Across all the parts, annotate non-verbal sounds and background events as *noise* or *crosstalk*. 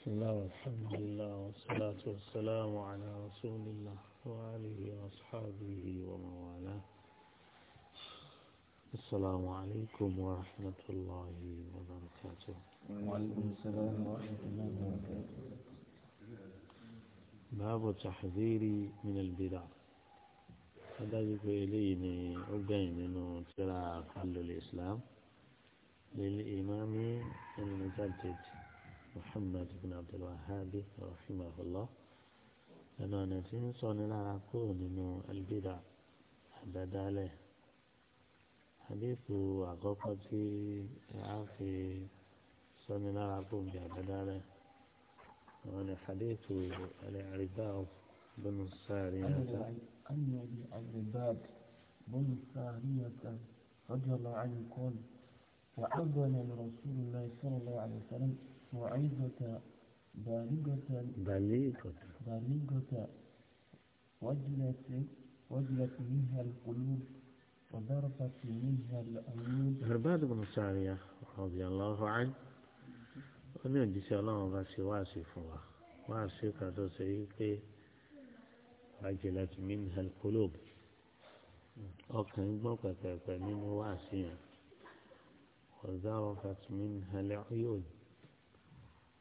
بسم الله والحمد لله والصلاة والسلام على رسول الله وآله وأصحابه وموالاه السلام عليكم ورحمة الله وبركاته وعليكم السلام ورحمة الله وبركاته باب التحذير من البدع هذا إليني أبين أنه ترى حل الإسلام للإمام المجدد محمد بن عبد الوهاب رحمه الله أنا نتين صون لا أقول إنه البدع بداله حديث عقوبتي عافي صون لا أقول بداله وأنا حديث العرباض بن السارية أن العرباض بن السارية رضي الله عنه قال وأذن رسول الله صلى الله عليه وسلم وعيزة بالغة بالغة بالغة وجلت وجلت منها القلوب وضربت منها العيون هرباد بن سارية رضي الله عنه ومن جيس الله واسي واسي فوق واسي كاتو سيكي وجلت منها القلوب أكن بوكا كاتو نمو واسيا وضربت منها العيون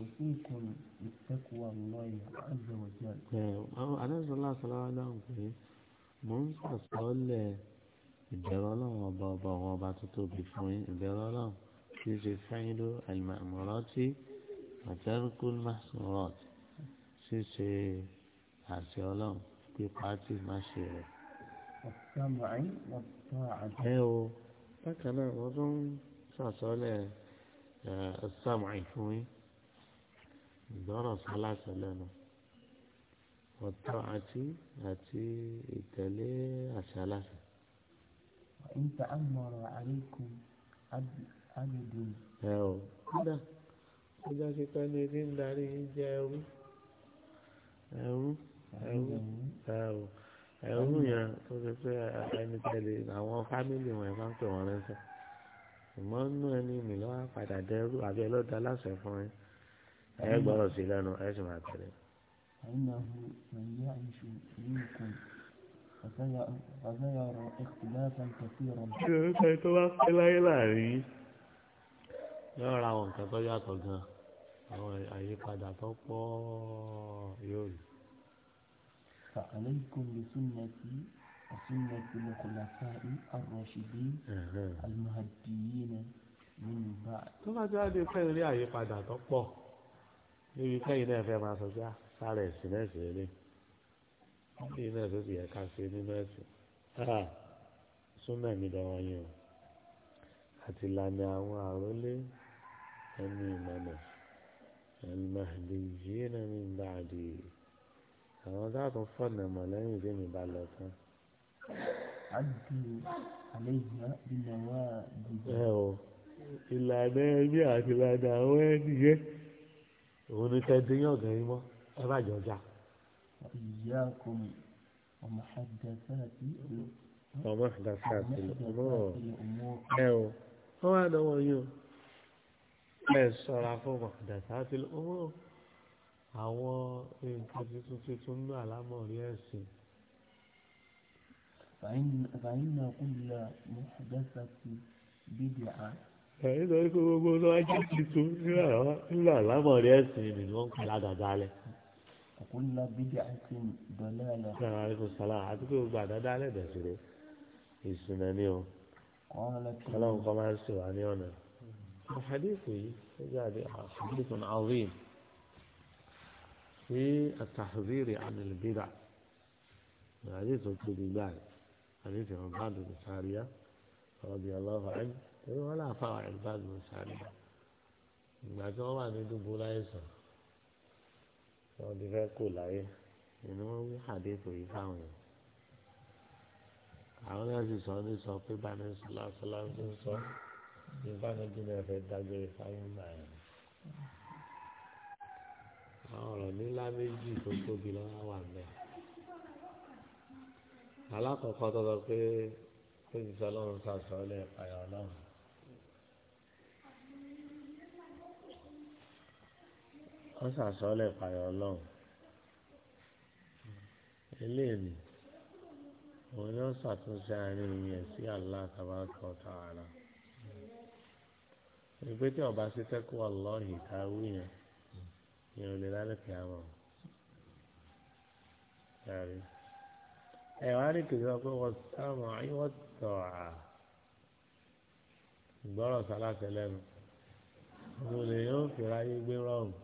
òṣìkùn ìtẹ́kùwà lọ́yẹ̀ àjẹwọ̀jẹ́. adásọ́lá sọláwá الله pé mò ń sàtọ́lẹ̀ ìbẹ̀rù ọlọ́run ọba ọba ọ̀wọ́n ọba tó tóbi fún yín ìbẹ̀rù ọlọ́run tí ó ṣe fẹ́yìn ló àlùmọ̀rọ́tì àtẹ́rùkún masrọ́t ṣíṣe àṣẹ ọlọ́run pípa tí má ṣe rẹ̀. ẹ o bákan náà wọ́n tún sàtọ́lẹ̀ ẹ̀ ẹ̀ sàmùí fún yín ìgbọ́rọ̀ sálàsọ lẹ́nu ọ̀tọ̀ àti àti ìtẹ̀lé àṣálàsọ. ìta àmọ̀ràn àríkù àgbègbè. ẹ o kódà kódà kíkọ ní ebi ń darí jẹ ẹrú ẹrú ẹrú ẹ o ẹrú yẹn tó ṣe pé ẹni tẹ̀lé àwọn fámìlì wọn ẹ máa ń pè wọn rẹ́sẹ̀ ṣùgbọ́n nínú ẹni mi padà dẹrú àbí ẹlọ́dà aláṣẹ fún yín ẹ gbọ́dọ̀ sí lẹ́nu ẹ sì máa tẹ̀lé. ṣé tó bá pẹ́ láyé láàrin yóò ra àwọn nǹkan tó yàtọ̀ gan àwọn àyípadà tó pọ̀ yóò rí. فعليكم بسنتي وسنة الخلفاء الراشدين المهديين من بعد. tó bá jáde fẹ́ rí àyípadà tó pọ̀ níbi kẹ́yìn náà fẹ́ máa sọ pé ah, ẹ̀sìn náà sì rí níbi náà tó ti yẹ ká ṣe nínú ẹ̀sìn ah, súnà mi dọ̀wọ́ yín o àti ìlànà àwọn àrólé ẹni ìmọ̀nà al-mahdiyyin min ba'di àwọn dáàtún fọ̀nà mọ̀ lẹ́yìn tí mi bá lọ tán. ẹ o ìlànà ẹbí àti ìlànà àwọn ẹni yẹn òun ni kẹ́ dín yàn gan yín mọ́ ẹ má jọ já. ọmọ ìdásá àti ọmọ ẹ o wọ́n wá náwó yín o ẹ sọ̀ra fún ọmọ ìdásá ọmọ àwọn nǹkan tuntun tuntun ní àlámọ̀rí ẹ̀sìn. فإن فإن كل محدثة بدعة nítorí pé gbogbo ló wájú tuntun nílò àlámọ̀ rí ẹ̀sìn ni wọ́n ń pè ládàáda alẹ́. ọ̀kúnlá bídí àti dọ̀lẹ́ àlẹ́. ṣé àwọn àríkò sọlá àti pé gbogbo àdáda alẹ́ bẹ̀sẹ̀ rẹ̀ ìsìnà ni o. ọlọ́run kọ́ máa ń sè wá ní ọ̀nà. àhàdìsì yìí ó jáde àhàdìsì àwìn sí àtàhìrì ànàlùbídà àhàdìsì tó tóbi gbáà àdìsì ọ̀bá àdùnkù sáríà rọ̀bì aláwọ̀ àyìn. torí wọn làfa ìbáàdì sáré ìgbà tí wọn wà ní dúgbò láìsàn wọn ti fẹ́ kó láyé ìní wọn wí àdéhùn yìí fáwọn yẹn àwọn náà sì sọ ní sọ pé báni sọlásọlá ń sọ ní báni bí náà dágbére fáyé ńlá àwọn ọ̀rọ̀ nílá méjì tó tóbi lọ́wọ́ wà mẹ́ẹ̀ alákọ̀ọ́kọ́ tó sọ pé ó ti sọ lẹ́ẹ̀ka ọlọ́run. kọ́ sàsọ́lẹ̀ pààyọ̀ ọlọ́run eléyìí òun ni ó ṣàtúnṣe àárín yẹn sí Allah tabaraka wa ta'ala ìgbé tí ọba ṣe tẹ́kọ̀ ọlọ́ọ̀hìn ká wú yẹn yẹn ò lè lálẹ́ kí á mọ̀ kárí ẹ wá ní kìí sọ pé wọ́n sáwọn àyíwọ́ tọ̀ à ìgbọ́rọ̀ sálásẹ̀ lẹ́nu òun yóò fi ráyé gbé rọrùn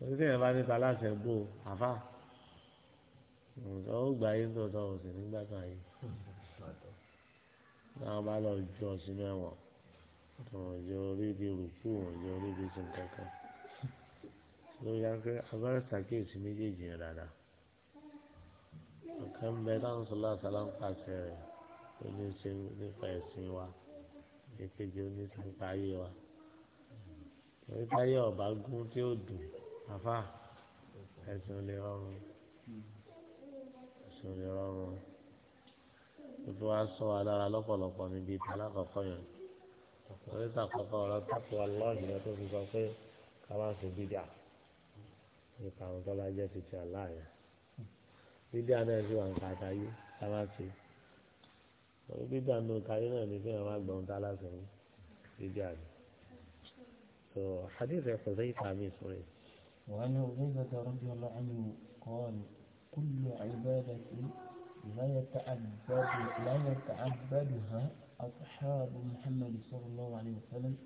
torí tí yẹn bá ní sàlásì ẹ̀bù àfà ó gbà yín tó tọ́ òsì nígbà kan yìí náà bá lọ ju ọ̀sìn mẹ́wọ̀n wọn jẹ orí ibi rùkú wọn jẹ orí ibi sin kankan lórí akẹ́ abẹ́rẹ́ sàkíyèsí méjèèjì yẹn dáadáa ọ̀kan bẹ táwọn sọlá sálá ń pàṣẹ rẹ̀ ó ní ṣe nípa ẹ̀sìn wa èkejì ó ní ṣe nípa ayé wa orí táyé ọ̀bá gún tí ó dùn àfa ẹ̀sùn lè rọrùn ẹ̀sùn lè rọrùn gbogbo wa sọ wa lára lọ́pọ̀lọpọ̀ níbi ìtàlá àkọ́kọ́ yẹn ọ̀rẹ́ ìtàkọ́kọ́ ọ̀rọ̀ tàkùn aláàbì yẹn tó fi sọ pé ká má ṣe bídà nípa àwọn tó bá jẹ́ títí aláàyè bídà náà sì wà ń kàtà yé ká má ṣe bídà nù táyé náà ní fẹ́ràn má tá lásán bídà ni. so hadith ẹ̀ kò sẹ́yìn fàmí sọ̀rọ̀ yìí. وعن عبيدة رضي الله عنه قال كل عبادة لا يتعبد لا يتعبدها أصحاب محمد صلى الله عليه وسلم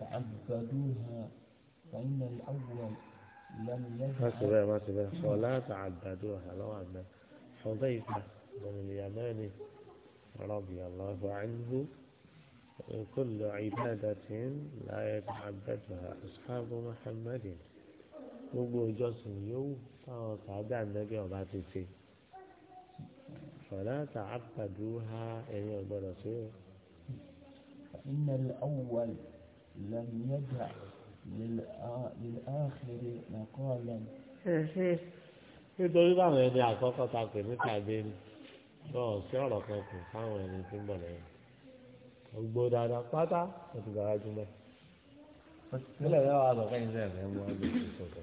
تعبدوها فإن الأول لم يجعل ما سبق ما ولا تعبدوها لو أن حذيفة بن اليمن رضي الله عنه كل عبادة لا يتعبدها أصحاب محمد gbogbo ìjọsìn yòówù táwọn sàádà nẹ́bí ọba ti ṣe fọlá ta àpàdù ha ẹ̀yìn ọ̀gbọ́dọ̀ sí o. ìnàlẹ̀ ọ̀wọ̀ lẹ́mìíyàjà lẹ́lẹ́àkiri nàkọ́ lẹ́nu. nítorí báwọn ẹni àkọ́kọ́ ta pè ní tàbí bọ́ọ̀ sí ọ̀rọ̀ kan kù fáwọn ẹni tí ń bọ̀ lẹ́yìn. gbogbo dáadáa pátá ó ti gbàgbájú mẹ́. nílẹ̀ yóò wá lọ kẹ́yìn sẹ́yìn fẹ́ mú ọdún ìṣòkò.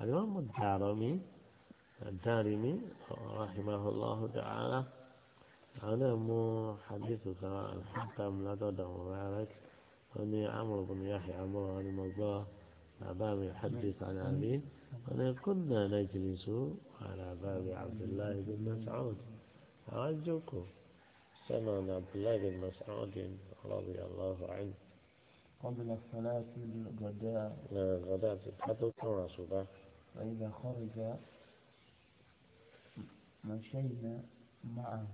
الإمام الدارمي الدارمي رحمه الله تعالى أنا مو حديث سواء الحكم لا تدع مبارك أني عمرو بن يحيى عمرو عن مضى باب يحدث عن أبيه أنا كنا نجلس على باب عبد الله بن مسعود أرجوكم سمعنا عبد الله بن مسعود رضي الله عنه قبل الصلاة الغداء غداء تتحدث عن صباح فإذا خرج مشينا معه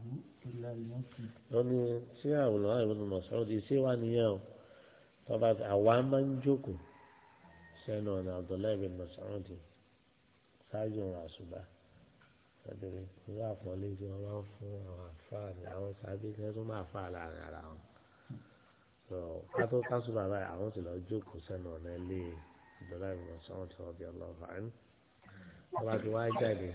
إلى المسجد يعني سيا عبد الله بن مسعود سيوا نياو طبعا عواما جوكو سنون عبد الله بن مسعود ساجون عصبة sàbẹ̀rẹ̀ ìlú àpọ̀lé tí wọ́n máa ń fún àwọn àfáà ní àwọn sàbẹ̀ tí wọ́n tún máa fà láàrin ara wọn. kátó kásù bàbá àwọn tí lọ́ọ́ jókòó sẹ́nu ọ̀nà ilé ìdọ́lá ìmọ̀ sọ́wọ́n tí wọ́n bí ọlọ́ọ̀fà ń. wọ́n ti wá jáde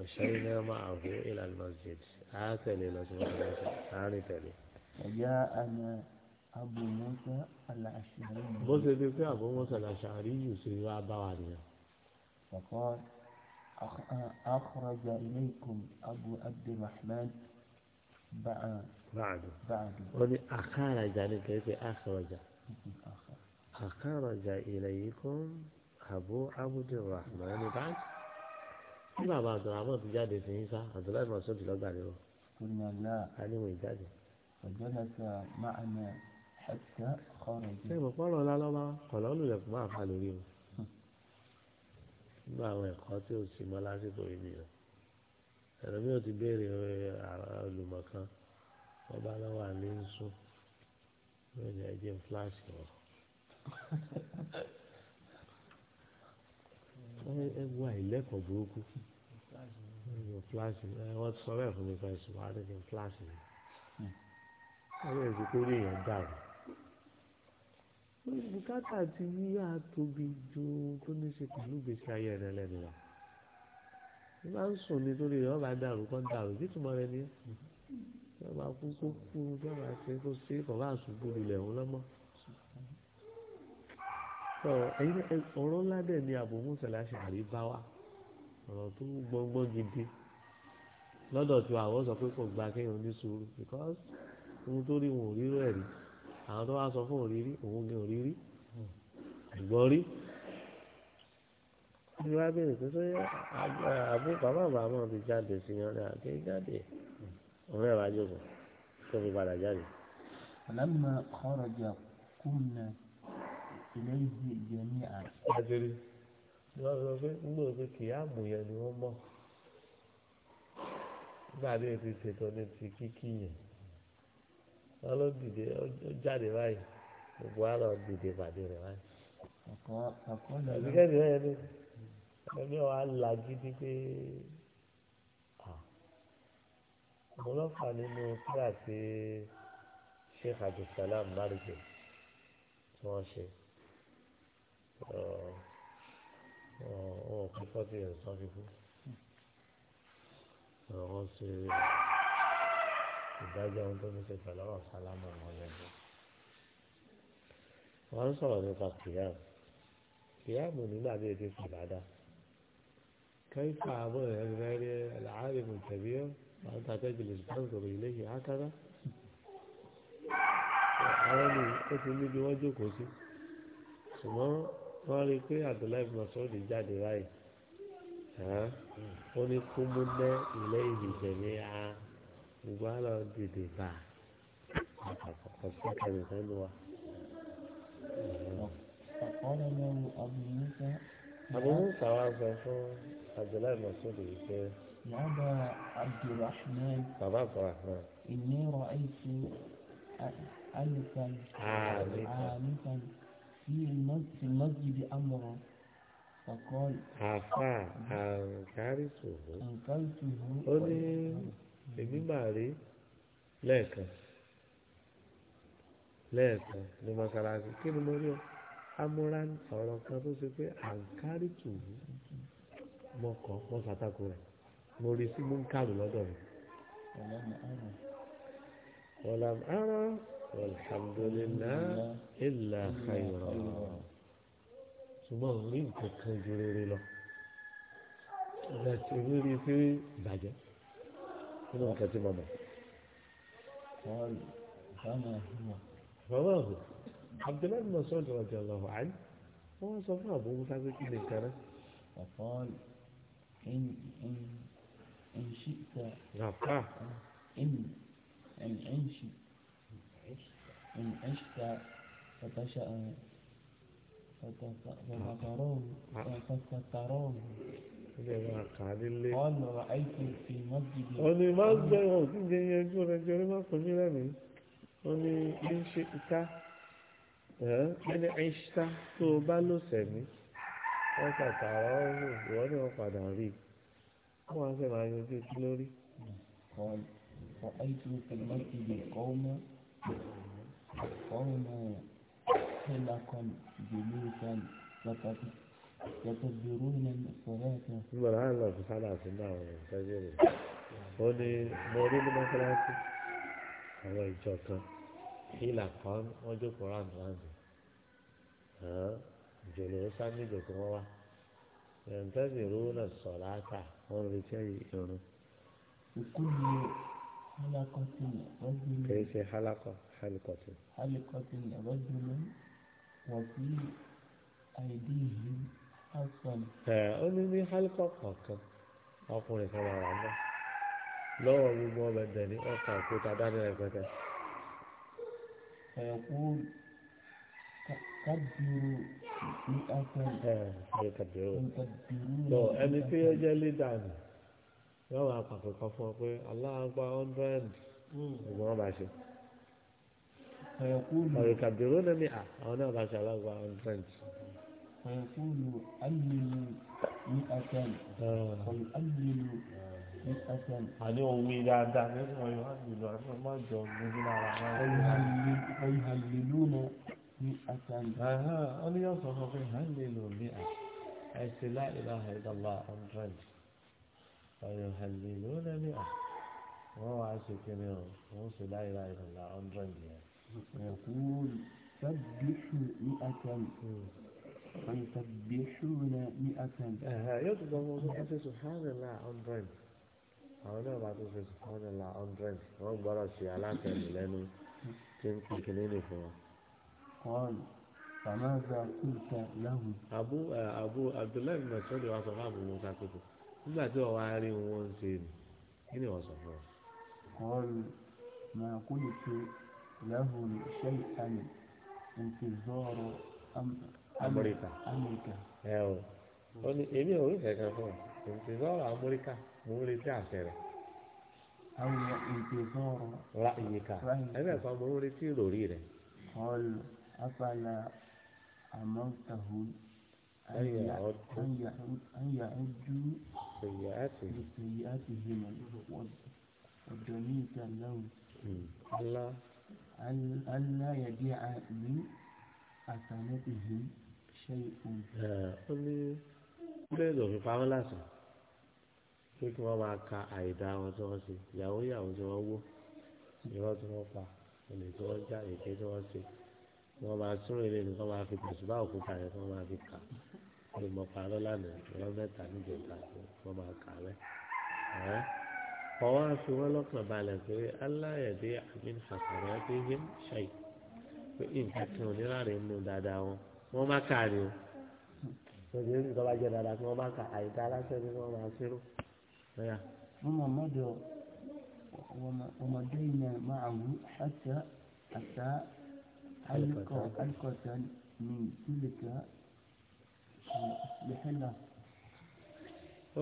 ọ̀ṣẹ́ iná máa hó ìlànà masjid á tẹ̀lé lọ sí mọ́sálásí àárín tẹ̀lé. ẹ̀yà àmì Abu Musa al-Ash'ari. bó ṣe fi pé Abu Musa al-Ash'ari yìí ṣe wá bá wa nìyẹn. ọ̀kọ́ أخرج إليكم أبو عبد الرحمن بعد بعد أخرج يعني كيف أخرج أخرج إليكم abu abudulrahman ní báńkì bí bàbá abdulrahman ti jáde sí yíṣá abdullahi masoud ti lọ́gbà lérò aníwò ìjáde. ṣé mo pọ́nrọ̀ ńlá lọ́wọ́ kọ̀lọ́ lulẹ̀kùn máa fa lórí o nígbà àwọn ẹ̀kọ́ tí ò sí mọ́ lásìkò ìbí rẹ̀ ẹ̀rọ mi ò ti béèrè eh, olùmọ̀ kan wọ́n bá lọ́wọ́ àlẹ́ ń sùn lónìí ẹ̀jẹ̀ fúláṣì wọn. *laughs* ẹ wo àìlẹ́kọ̀ọ́ burúkú ẹ̀yọ̀ fúláṣì ẹ̀ wọ́n ti sọ bẹ́ẹ̀ fún mi fẹ́ sùn wá dé ní fúláṣì ni wọ́n lè rí pé èèyàn dàrú bùkátà ti yíyá tóbi ju tó ní ṣe pẹ̀lú gbèsè ayé rẹ lẹ́nu wa ní máa ń sùn nítorí rẹ̀ wọ́n bá dàrú kọ́ dàrú bí tùmọ̀ rẹ ni wọ́n máa kú kó kú wọ́n máa ṣe kó ṣe kọ̀ bá àṣùbù lulẹ̀ òun lọ́mọ́ ọ̀rọ̀ ńlá dẹ̀ ni Abu Musa al-Ash'ari bá wa ọ̀rọ̀ tó gbọ́ngbọ́n gidi lọ́dọ̀ tí àwọn sọ pé kò gba kéèyàn ní sùúrù because ohun tó rí òun ò rírò ẹ̀rí àwọn tó wá sọ fún òrírí òun gan òrírí ẹ̀gbọ́n rí. ní wàá bèrè pé sọ àbú bàbá bàbá ti jáde sí yan ní àké jáde òun ẹ̀ wá jókòó tó fi padà jáde. ọ̀làmìnà kọ́rọ̀ jà kúnnà ìlẹ́yìn ìjẹ ní àṣírí. wọ́n sọ pé nígbà pé kìyàmù yẹn ni wọ́n mọ̀ nígbà tí èsì ṣètò ní ti kíkì yẹn wọ́n ló dìde ó jáde báyìí gbogbo wa lọ dìde pàdé rẹ̀ báyìí. ìdíkẹ́sì náà yẹn ni ẹni wa la gidi pé mo lọ́fà nínú kíláàsì Sheikh Abdulsalam Marge tí wọ́n ṣe wọn kú fọ́tì ẹ̀ sọ́fi kú wọ́n ṣe ìdájọ́ ohun tó ní ṣe pẹ̀lú ọ̀rọ̀ sálámà wọn lẹ́nu. wọ́n ń sọ̀rọ̀ nípa kìyàmù kìyàmù nígbà bí èdè kìbàdà kẹ́kọ̀ọ́ àbọ̀ ẹ̀rẹ́rẹ́ làárẹ̀mù tẹ̀bí ọ́ àwọn tàtẹ́jìlì ìbáǹkọ̀rọ̀ ilé yìí ákàrà àwọn ni ó ti níbi wọ́n jókòó sí ṣùgbọ́n wọ́n rí i pé Abdullahi Masoudi jáde láyé ó ní kó mú lẹ́ ilé ìdìjẹ́ ní a gbogbo àlọ́ dìde bá a àkọ́kọ́ sí kẹ́mi sẹ́nu wa. Abu Musa wa sọ fún Abdullahi Masoudi pé. Yàrá Abdulrahman. Bàbá Abdulrahman. Ìní rọ̀ ẹ̀sìn alifan. Alifan. في المسجد أمرا فقال عفا أنكرته أنكرته قولي èmi máa rí lẹ́ẹ̀kan lẹ́ẹ̀kan ní mọ́sálásí kí ni mo rí ọ amúra ọ̀rọ̀ kan tó ṣe pé àǹkárí tùwú mọ́kọ́ mọ́sátàkù rẹ̀ mo rí sí múnkàrù lọ́dọ̀ mi. ọ̀làmù ara والحمد لله إلا خيرا ثم من كتنجر إلى لا تقول في بعد من وقت ماما قال فما هو فما عبد الله بن مسعود رضي الله عنه هو صفاه ابو مسعود كذا كان فقال ان ان ان شئت نعم، ان ان ان شئت إن عشت فتشأ فتفترون فتفترون قال رأيت في مسجد ó ní مسجد wọn kí n jẹ yanjú rẹ jẹ orí má pè mí lẹ́mìí ó ní ń ṣe ìta ẹni ìṣta tó o bá lò sẹ̀mí wọ́n kàtàrà ọ̀hún ìwọ ni wọ́n padà rí i wọ́n á sì máa yanjú kí lórí. ọ̀ọ́ ọ̀ọ́ ẹ̀jú pẹ̀lú mọ́tìgbẹ̀ kọ́ mọ́. قوموا حلقا جلوسا يتدبرون الصلاة سبحان الله سبحان الله سبحان الله تجري ó ní mo rí ní mọ́sálásí àwọn ìjọ kan ìlà kan wọ́n jókòó ráńdù ráńdù jòlè ó sáà níjò kí wọ́n wá ẹ̀ǹtẹ́sì rówó náà sọ̀ láàkà wọ́n retí ìrun. òkú ni alákọ̀ọ́sí ọ̀gbìn. kì í ṣe alákọ̀ọ́. حلقة حلقة رجل وفي أيديهم حصن ó ní ní hálíkọ kọ̀ọ̀kan ọkùnrin kan máa wà ń bá lọ́wọ́ gbogbo ọbẹ̀ dẹ̀ ní ọkà òkúta dání rẹpẹtẹ. ẹ̀kú kábírù ní afẹ́rẹ́. ẹ kábírù lọ ẹni tí yóò jẹ́ lídà nì yóò máa pàpẹ́ kan fún ọ pé aláàgbà hundred ọgbọ́n hmm. bá ṣe ọ̀yẹ̀kàbìrú náà ní à àwọn náà bá ṣàlàgbà hundred. ọ̀yẹ̀kúlù alìlú ní asan ọ̀yẹ̀kúlù ní asan. àní omi dáadáa nínú ọyọ alìlú àti ọmọ ìjọ gbogbo lára wọn. ọ̀yẹ̀hàlìlú náà ní asan. wọ́n ní yóò sọ fún mi hàlìlú ní à ẹ̀sìn láìlá àìdàlá hundred ọ̀yẹ̀hàlìlú náà ní à wọ́n wá ṣe kíni o wọ́n ṣe láìlá àìdàlá hundred yìí. ويقول سبحوا مئة فيسبحون مئة يطلب موضوع سبحان الله عمرين àwọn náà bá tó ṣe sùpọ́nà la hundred wọ́n gbọ́dọ̀ ṣe alátẹ̀lù lẹ́nu tí ń pèké lẹ́nu fún wọn. kọ́ọ̀lù fàmáza kúta láhùn. àbú àbú eh, abdullahi masoli wa sọ fún àbúrò wọn kákòtò nígbà tí wọn wá rí wọn ń ṣe ni kí ni wọn sọ fún ọ. kọ́ọ̀lù màá kúlù tó له شيئا انتظار أمريكا أمريكا ó ní èmi ò rí kankan fún ọ ìtìsọ́rọ̀ amúríkà mo ń retí àṣẹ rẹ̀. àwọn ìtìsọ́rọ̀ ra ìyíká ẹgbẹ́ kan mo ń retí ìròrí rẹ̀. ọ̀lù afala amọ́tàhù àyà ojú ìyá àti ìyá àti ìyá ọ̀dọ̀ ní ìta láwùjọ aláyàdí àbí àtàlẹ́ ìhìn ṣe ìfún. ó ní bíléèdì òfin pamọ́ lásán pé kí wọ́n máa ka àìdá wọn tí wọ́n ṣe ìyàwó ìyàwó tí wọ́n wó irọ́ tí wọ́n pa olè tí wọ́n já èké tí wọ́n ṣe wọ́n máa súnrò ilé ni wọ́n máa fi pẹ̀sùbá òkúta yẹn tí wọ́n máa fi kà olùmọ̀pá lọ́lànà ìrọ́ mẹ́ta níjọba wọ́n máa kà rẹ̀ ọwọ́ fi wọ́n lọ́kàn balẹ̀ pé aláyẹ̀dẹ́ àmín àkàrà ti yé ṣàì pé nǹkan kan ò ní láàrin nù dáadáa wọn wọ́n má kà ní o. Ṣèjì ní ìjọba jẹ dáadáa kí wọ́n má kà àyíká aláṣẹ ni wọ́n máa ṣírò. Wọ́n máa mọ́dọ̀ ọmọdé yẹn máa wú àṣà àṣà alukọ̀tà ní ìdílé ká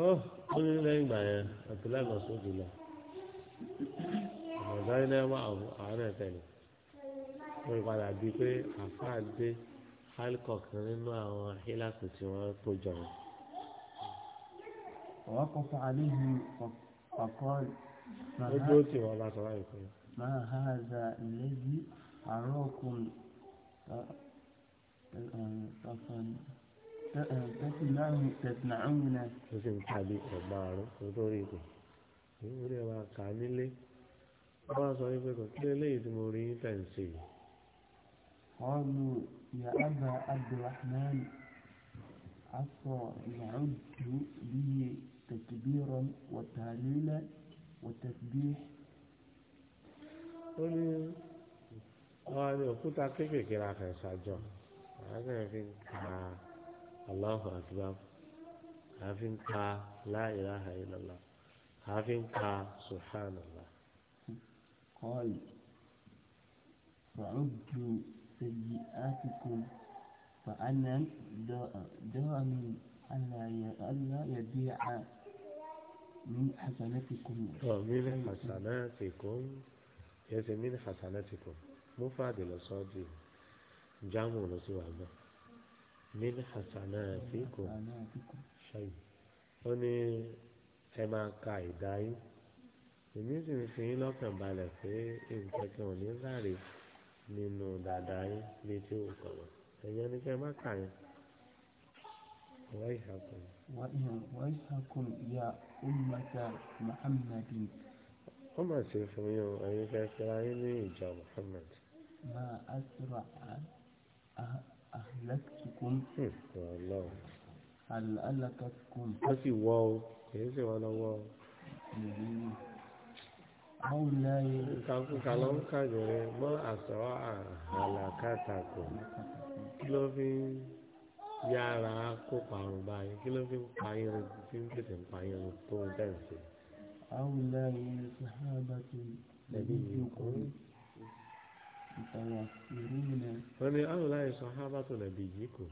ó ní lẹ́yìn ìgbà yẹn àtúlẹ̀ lọ sódì lọ ọ̀dà ilé wa àwọn ẹ̀tẹ̀lẹ̀ wọ́n padà bíi pé àfáà dé alcock nínú àwọn hílàkù tí wọ́n kó jọ wọn. wọ́n kọ́ fún aléhi ọ̀kọ́ ó dúró wọ́n bá sọ̀rọ̀ ìpín. máa ha za ìlẹ́bí àárọ̀ kùn ọ̀sán. ó sì ń tàbí ẹ̀gbà àrùn tó tó rí ìpè ìwúrí ẹwà kà nílé wọ́n sọ wípé kò kí eléyìí tí mo rí yín tẹ̀ ń ìyá àgbà abdulrahman ìyàwó ó ní òkúta la ṣàjọ àwọn fi kà á. الله أكبر عافين كا لا إله إلا الله عافين كا سبحان الله قال فعبت سيئاتكم فأنا دائم ألا ألا يبيع من حسناتكم من حسناتكم يزي من حسناتكم مو لصادي جامو نصيب الله من حسناتكم شيء. ó ní ẹ máa ka ìdáyé èmi sì ń fi yín lọ́kàn balẹ̀ pé nǹkan kan ò ní láre nínú dáadáa yín bíi tí ò kàn wọ́n ẹ̀yẹ́ ni kẹ́ ẹ má kà yín. ويحكم ويحكم يا أمة محمد وما سيفهم أيها الكرام من محمد ما أسرع ahlaktukum. ahlaktukum. a sì wọ o kì í sì wọ lọ́wọ́ o. àwọn ìlàyé. kàkúkà ló ń kàjọ rẹ mọ àṣọ àlàkàtàkù kí ló fi ń yára kó parun báyìí kí ló fi ń pa irun tí ń pèsè ń pa irun tó ń tẹ̀sí. àwọn ìlàyé sàhábà tó ń tẹ̀lé ìkọ́ni. wọ́n ní àwòlá ìsọ hábàtò nàbì yìí kù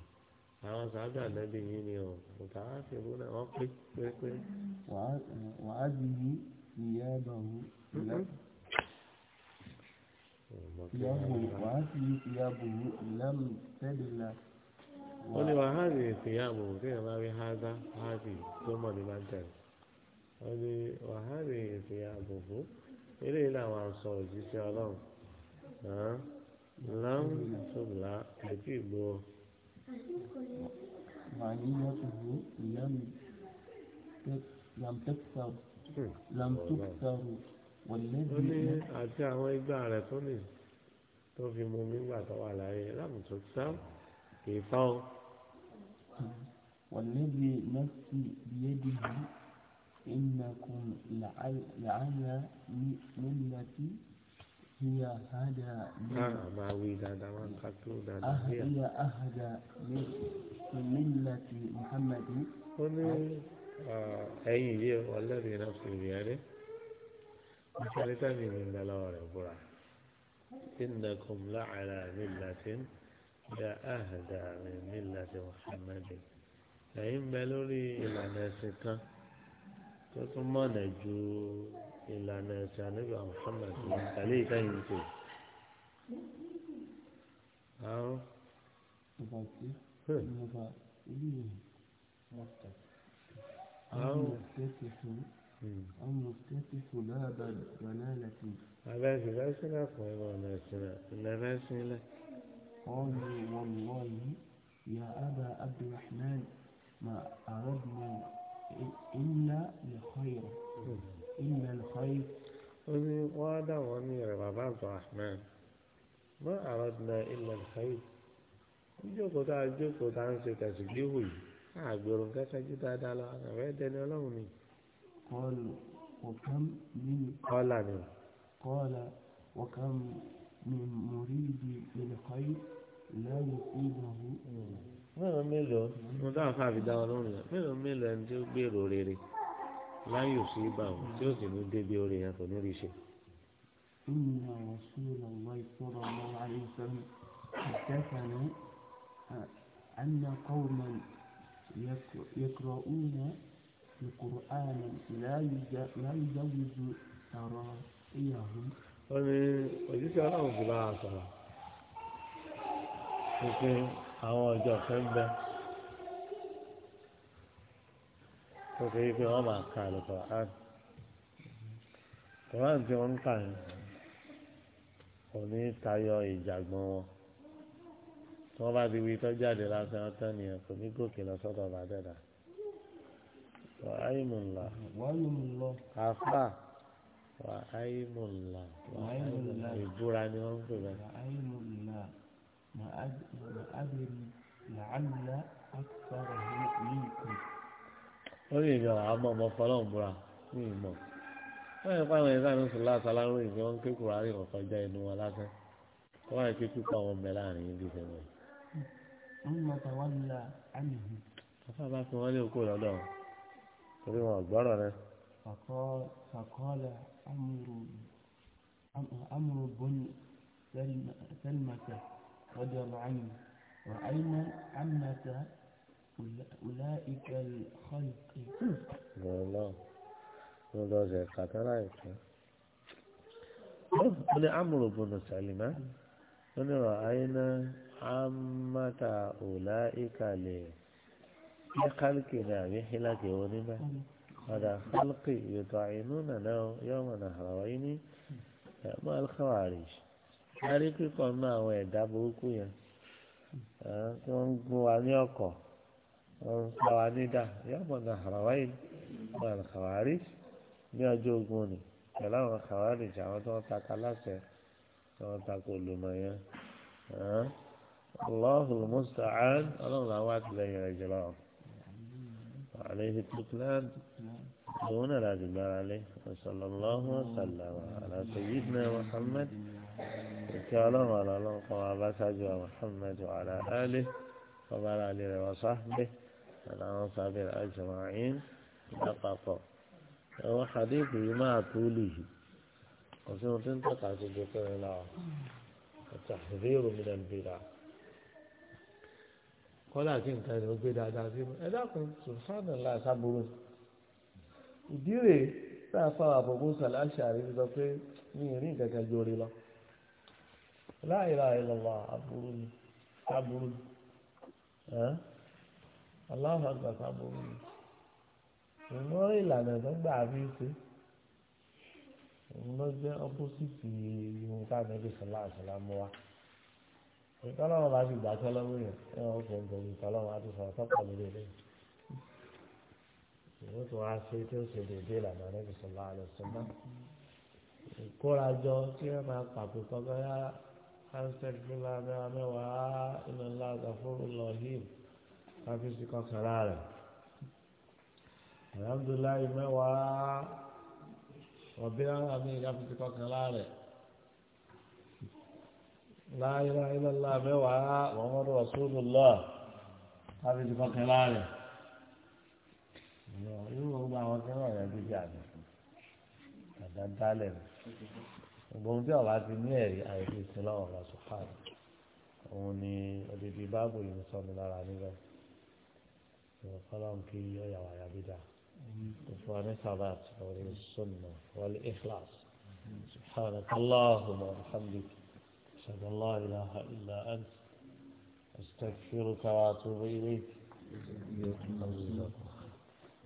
àwọn sàábà nàbì yìí ni ọ̀ ọ̀tà á fi mú náà wọ́n pé pépé. wàá di mm-hmm. ní ìyá ẹ̀bàwò wàá di ní ìyàbò ìlànà tẹ́lẹ̀lá. wọ́n ní wàá hàzì ìsìnyàbò kéèyàn bá rí hàzà hàzì tó mọ̀ ní bá onye wọ́n ní wàá hàzì ìsìnyàbò fún eléyìí làwọn aṣọ òjíṣẹ́ ọlọ́run. lam tubla ẹ̀tí ìgbó. màníyàtúwò lam tẹ́kítàrù lam tẹ́kítàrù wọ̀lẹ́bí. ó ní àti àwọn igbá rẹ̀ tó nì tó fi mú mi gbà tó wà láyé lam tẹ́kítàrù kì í tán. wọ̀lẹ́bí nọ́ọ̀sì bíyẹ́ dìbò. إنكم لعلى ملة هي أهدى ما ويدا دمان قتلو هي أهدى من ملة محمد ẹ̀yin yìí ọlẹ́bí náà sì rí ẹni ìṣẹ́lẹ́tà mi ní ìdálọ́wọ́ rẹ̀ búra innakum la'ala millatin ya ahda min millati muhammadin ẹ̀yin bẹ lórí ìlànà ẹ̀sìn kan tó tún mọ̀nà ju إلا ìlànà محمد ànábì Muhammad tàlẹ́ ìtàyìn أو àrùn. àrùn. المفتتح باب الضلالة أباك باسل أقوى وانا أسنا لا باسل قالوا والله يا أبا عبد الرحمن ما أردنا إلا لخير إن الخير أذي قاد ومير بابا الرحمن ما أردنا إلا الخير ìjókòó tá a jókòó tá a ń ṣe tẹ̀sídíwò yìí àgbèrò kẹta jù dáadáa lọ àgbẹ̀ dẹni ọlọ́run ni. kọ́ọ̀lù ọ̀kan mi. kọ́ọ̀là ni. kọ́ọ̀là ọ̀kan mi mọ̀rí ibi ìlẹ̀kọ́yì lẹ́yìn ìlọ̀hún. mélòó mélòó mo dáhùn fáfi dáhùn lóhùn yẹn mélòó mélòó ẹni tí ó gbèrò rere láyò sí ibà wọn tí ó sì ní débi orí yẹn kò ní rí ṣe. إن رسول الله صلى الله عليه وسلم حدثنا أن قوما يقرؤون القرآن لا يجوز تراقيهم. wọ́n ní òjíṣẹ́ ọlọ́run ti bá a sọ̀rọ̀ pé àwọn ọjọ́ fẹ́ bẹ́ẹ̀. tó fi pé wọ́n máa ka àlùkò án kòrán tí wọ́n ń kà yín kò ní tayọ ìjàgbọ́n wọn tí wọ́n bá ti wí tó jáde lásán ọtán nìyẹn kò ní gòkè lọ sọ́dọ̀ bàdẹ́dà wàhálìmùlà àfà wàhálìmùlà ìbúra ni wọ́n ń pè bẹ́ẹ̀ ó ní ìgbà wàá ọmọ fọlọ́run búra ní ìmọ̀ wọ́n yẹn fáwọn ẹ̀ka ní sùlá sálárò ìgbà wọn ké kura ní ọ̀kan já inú wọn lásán wọ́n wáyé pé pípa wọn bẹ láàrin ibi ìfẹ́mọ̀ yìí. ọ̀sán bá fi wọ́n lé okó lọ́dọ̀ torí wọn gbọ́rọ̀ rẹ. àkọọ́lẹ̀ amúrò bọ́ni sẹ́lmàtà lọ́dọ̀ ọ̀rọ̀ àyìn ọ̀rọ̀ àyìn náà أولئك الخلق والله والله زي قتلايك من عمرو بن سلمة من رأينا عامة أولئك لي خلقنا بحلة ونمة هذا خلق يطعموننا يوم نهروين ما الخوارج خارج كنا ويدابوكو يا كون وانيوكو يا الخوانيدة من النهروين يا يجوزوني كلام الخوارج عمدوا تاكلاسة عمدوا تاكل ما الله المستعان الله لا وعد لي رجلهم عليه التكلان دون لا جبال عليه وصلى الله وسلم على سيدنا محمد وكالم على الله قوابة محمد وعلى آله وعلى آله وصحبه àtàwọn sábẹ́ àjùmáyín lápapọ̀ ẹ̀wọ̀n hadithu yìí máa tó lè yìí kò sí ohun tí ń tọ́ka sí gbogbo ẹ̀ náà àtàkùnrin mi nà ń bèrè kọ́lá kí nǹkan ẹ̀ ló gbé dáadáa sí mi ẹ dákun sùfàánù ńlá sábúrú ìdí rèé tá a fáwọn àbọ̀bọ̀ sàlẹ̀ àṣàrí ń sọ pé mi ì rí nǹkan kan lọ láìláìlọ́wọ́ àbúrú ni sábúrú ni aláwọ̀ àgbàfà borí mi ìmọ̀ ìlànà tó ń gbà fi ṣe ìmọ̀ jẹ́ ọ́pọ́sìtì ìhun káàmì ẹgbẹ́ sọlá àṣọlá mọ́ wa ìtọ́lọ́wọ́ bá ti gbàtọ́ lọ́wọ́ yẹn ẹ̀ wọ́n fẹ́ gbẹ̀rù ìtọ́lọ́wọ́ á ti sọ̀rọ̀ tọ́pọ̀ lórí ẹlẹ́yìn ìwé tó wá ṣe tí ó ṣe déédéé lànà ẹgbẹ́ sọlá àṣọlá ìkórajọ tí wọ́n máa pàpè kọ́kọ́ yá káfíńsì kọkànlá rẹ̀ alhamdulilayi mẹ́wàá ọ̀bí ara mi káfíńsì kọkànlá rẹ̀ láyìlá ilẹ̀lá mẹ́wàá muhammadu rasulullah káfíńsì kọkànlá rẹ̀ irú gbogbo àwọn kẹwàá yẹn ti jà ní àdádálẹ̀ gbogbo tí ọba ti ní ẹ̀rí àìsí ìsinlọ́wọ́ ọba sùpáì òun ni odidi báàbò yìí ń sọ lára níbẹ̀. فلان كي يوا يا بدا وفاني ثبات ولي السنة والإخلاص سبحانك اللهم وبحمدك أشهد أن لا إله إلا أنت أستغفرك وأتوب إليك